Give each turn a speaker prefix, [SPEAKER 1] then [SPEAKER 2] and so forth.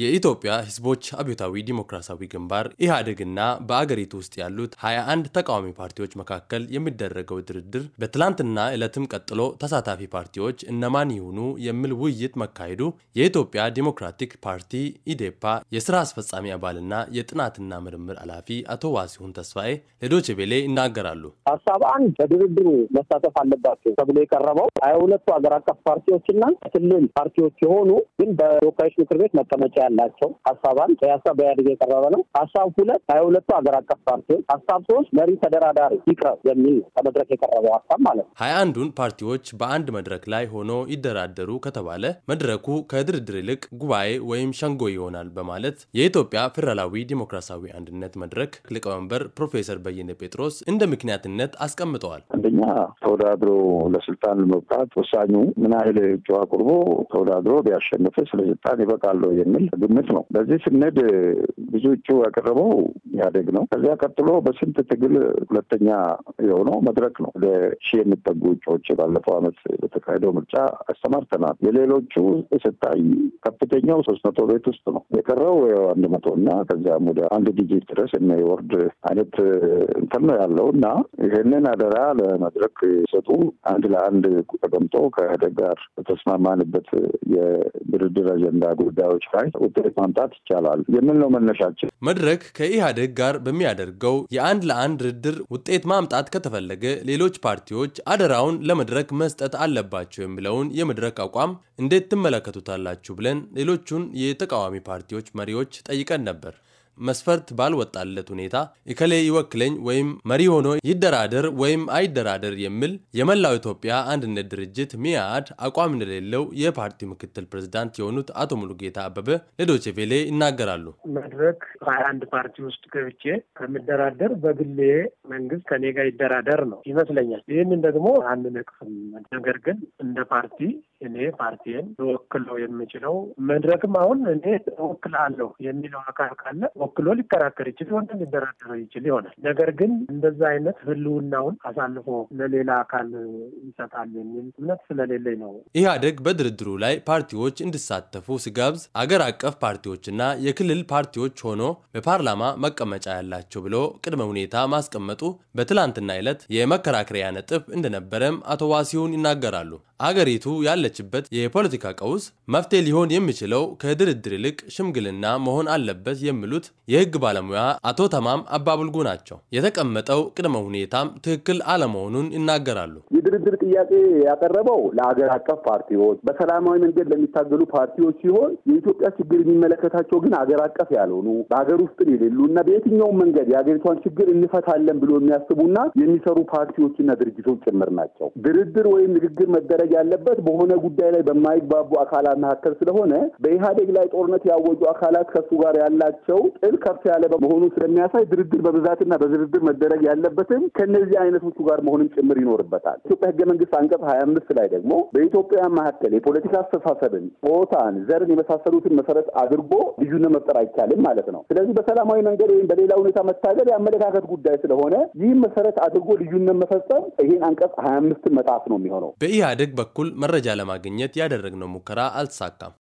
[SPEAKER 1] የኢትዮጵያ ሕዝቦች አብዮታዊ ዲሞክራሲያዊ ግንባር ኢህአዴግና በአገሪቱ ውስጥ ያሉት 21 ተቃዋሚ ፓርቲዎች መካከል የሚደረገው ድርድር በትላንትና ዕለትም ቀጥሎ ተሳታፊ ፓርቲዎች እነማን ይሁኑ የሚል ውይይት መካሄዱ የኢትዮጵያ ዲሞክራቲክ ፓርቲ ኢዴፓ የስራ አስፈጻሚ አባልና የጥናትና ምርምር ኃላፊ አቶ ዋሲሁን ተስፋዬ ለዶቼ ይናገራሉ።
[SPEAKER 2] ሀሳብ አንድ በድርድሩ መሳተፍ አለባቸው ተብሎ የቀረበው ሀያ ሁለቱ ሀገር አቀፍ ፓርቲዎችና ክልል ፓርቲዎች የሆኑ ግን በተወካዮች ምክር ቤት መቀመጫ ያላቸው ሀሳብ አንድ ሀሳብ በኢህአዴግ የቀረበ ነው። ሀሳብ ሁለት ሀያ ሁለቱ ሀገር አቀፍ ፓርቲዎች፣ ሀሳብ ሶስት መሪ ተደራዳሪ ይቅረብ የሚል ነው ከመድረክ የቀረበው ሀሳብ ማለት ነው።
[SPEAKER 1] ሀያ አንዱን ፓርቲዎች በአንድ መድረክ ላይ ሆኖ ይደራደሩ ከተባለ መድረኩ ከድርድር ይልቅ ጉባኤ ወይም ሸንጎ ይሆናል በማለት የኢትዮጵያ ፌዴራላዊ ዲሞክራሲያዊ አንድነት መድረክ ሊቀመንበር ፕሮፌሰር በየነ ጴጥሮስ እንደ ምክንያትነት አስቀምጠዋል።
[SPEAKER 3] አንደኛ ተወዳድሮ ለስልጣን ለመብቃት ወሳኙ ምን ያህል እጩ አቅርቦ ተወዳድሮ ቢያሸንፍ ለስልጣን ስልጣን ይበቃለሁ የሚል ግምት ነው። በዚህ ስነድ ብዙ እጩ ያቀረበው ኢህአዴግ ነው። ከዚያ ቀጥሎ በስንት ትግል ሁለተኛ የሆነው መድረክ ነው። ወደ ሺህ የሚጠጉ እጩዎች ባለፈው ዓመት በተካሄደው ምርጫ አሰማርተናል። የሌሎቹ ስታይ ከፍተኛው ሶስት መቶ ቤት ውስጥ ነው የቀረው አንድ መቶ እና ከዚያም ወደ አንድ ዲጂት ድረስ የወርድ አይነት እንትን ነው ያለው እና ይህንን አደራ ለመድረክ ሰጡ አንድ ለአንድ ተቀምጦ ከኢህአዴግ ጋር በተስማማንበት የድርድር አጀንዳ ጉዳዮች ላይ ውጤት ማምጣት ይቻላል የሚል ነው መነሻችን።
[SPEAKER 1] መድረክ ከኢህአዴግ ጋር በሚያደርገው የአንድ ለአንድ ድርድር ውጤት ማምጣት ከተፈለገ ሌሎች ፓርቲዎች አደራውን ለመድረክ መስጠት አለባቸው የሚለውን የመድረክ አቋም እንዴት ትመለከቱታላችሁ ብለን ሌሎቹን የተቃዋሚ ፓርቲዎች መሪዎች ጠይቀን ነበር። መስፈርት ባልወጣለት ሁኔታ እከሌ ይወክለኝ ወይም መሪ ሆኖ ይደራደር ወይም አይደራደር የሚል የመላው ኢትዮጵያ አንድነት ድርጅት ሚያድ አቋም እንደሌለው የፓርቲው ምክትል ፕሬዚዳንት የሆኑት አቶ ሙሉጌታ አበበ ለዶቼ ቬሌ ይናገራሉ።
[SPEAKER 4] መድረክ ሀያ አንድ ፓርቲ ውስጥ ገብቼ ከምደራደር በግሌ መንግስት ከኔ ጋር ይደራደር ነው ይመስለኛል። ይህንን ደግሞ አንድ ነቅፍም ነገር ግን እንደ ፓርቲ እኔ ፓርቲዬን ልወክለው የምችለው መድረክም አሁን እኔ እወክላለሁ የሚለው አካል ካለ ወክሎ ሊከራከር ይችል ይሆን ሊደራደረው ይችል ይሆናል። ነገር ግን እንደዛ አይነት ህልውናውን አሳልፎ ለሌላ አካል ይሰጣል የሚል እምነት ስለሌለኝ ነው።
[SPEAKER 1] ኢህአደግ በድርድሩ ላይ ፓርቲዎች እንዲሳተፉ ሲጋብዝ አገር አቀፍ ፓርቲዎችና የክልል ፓርቲዎች ሆኖ በፓርላማ መቀመጫ ያላቸው ብሎ ቅድመ ሁኔታ ማስቀመጡ በትላንትና ዕለት የመከራከሪያ ነጥብ እንደነበረም አቶ ዋሲሁን ይናገራሉ። አገሪቱ ያለች ላለችበት የፖለቲካ ቀውስ መፍትሄ ሊሆን የሚችለው ከድርድር ይልቅ ሽምግልና መሆን አለበት የሚሉት የህግ ባለሙያ አቶ ተማም አባቡልጉ ናቸው። የተቀመጠው ቅድመ ሁኔታም ትክክል አለመሆኑን ይናገራሉ።
[SPEAKER 2] የድርድር ጥያቄ ያቀረበው ለአገር አቀፍ ፓርቲዎች በሰላማዊ መንገድ ለሚታገሉ ፓርቲዎች ሲሆን የኢትዮጵያ ችግር የሚመለከታቸው ግን አገር አቀፍ ያልሆኑ በሀገር ውስጥ የሌሉ እና በየትኛውም መንገድ የሀገሪቷን ችግር እንፈታለን ብሎ የሚያስቡና የሚሰሩ ፓርቲዎችና ድርጅቶች ጭምር ናቸው። ድርድር ወይም ንግግር መደረግ ያለበት በሆነ ጉዳይ ላይ በማይግባቡ አካላት መካከል ስለሆነ በኢህአዴግ ላይ ጦርነት ያወጁ አካላት ከሱ ጋር ያላቸው ጥል ከፍ ያለ መሆኑን ስለሚያሳይ ድርድር በብዛትና በዝርድር መደረግ ያለበትም ከነዚህ አይነቶቹ ጋር መሆንም ጭምር ይኖርበታል። ኢትዮጵያ ህገ መንግስት አንቀጽ ሀያ አምስት ላይ ደግሞ በኢትዮጵያ መካከል የፖለቲካ አስተሳሰብን፣ ጾታን፣ ዘርን የመሳሰሉትን መሰረት አድርጎ ልዩነት መፍጠር አይቻልም ማለት ነው። ስለዚህ በሰላማዊ መንገድ ወይም በሌላ ሁኔታ መታገል የአመለካከት ጉዳይ ስለሆነ ይህም መሰረት አድርጎ ልዩነት መፈጸም ይህን አንቀጽ ሀያ አምስትን መጣስ ነው የሚሆነው
[SPEAKER 1] በኢህአዴግ በኩል መረጃ ለማግኘት ያደረግነው ሙከራ አልተሳካም